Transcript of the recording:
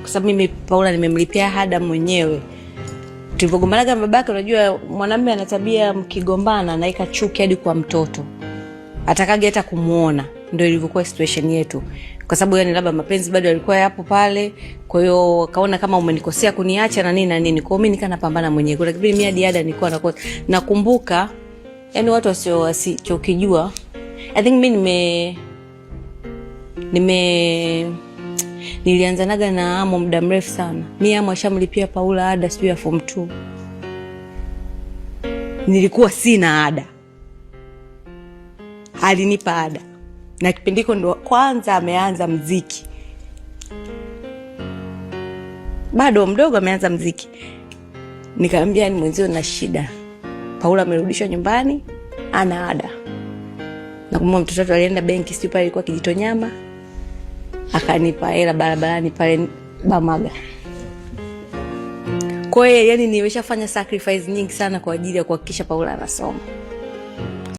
kwa sababu mimi Paula nimemlipia hada mwenyewe. Tulivyogombanaga na babake, unajua mwanamume ana tabia, mkigombana naika chuki hadi kwa mtoto atakage hata kumwona. Ndio ilivyokuwa situation yetu, kwa sababu yani labda mapenzi bado yalikuwa yapo pale, kwa hiyo kaona kama umenikosea kuniacha na nini na nini, kwa hiyo mimi nikana mwenyewe. Kuna kipindi mimi hadi ada nilikuwa nakosa. Nakumbuka yani watu wasio wasichokijua, I think mimi nime nime Nilianzanaga na Amo muda mrefu sana. Mi Amo ashamlipia Paula ada siku ya form 2. Nilikuwa sina ada, alinipa ada, na kipindiko ndo kwanza ameanza mziki, bado mdogo, ameanza mziki. Nikamwambia ni mwenzio na shida, Paula amerudishwa nyumbani, ana ada. Nakumbuka mtoto alienda benki, sijui pale ilikuwa Kijitonyama akanipa hela barabarani pale Bamaga. Kwa hiyo yani nimeshafanya sacrifice nyingi sana kwa ajili ya kuhakikisha Paula anasoma.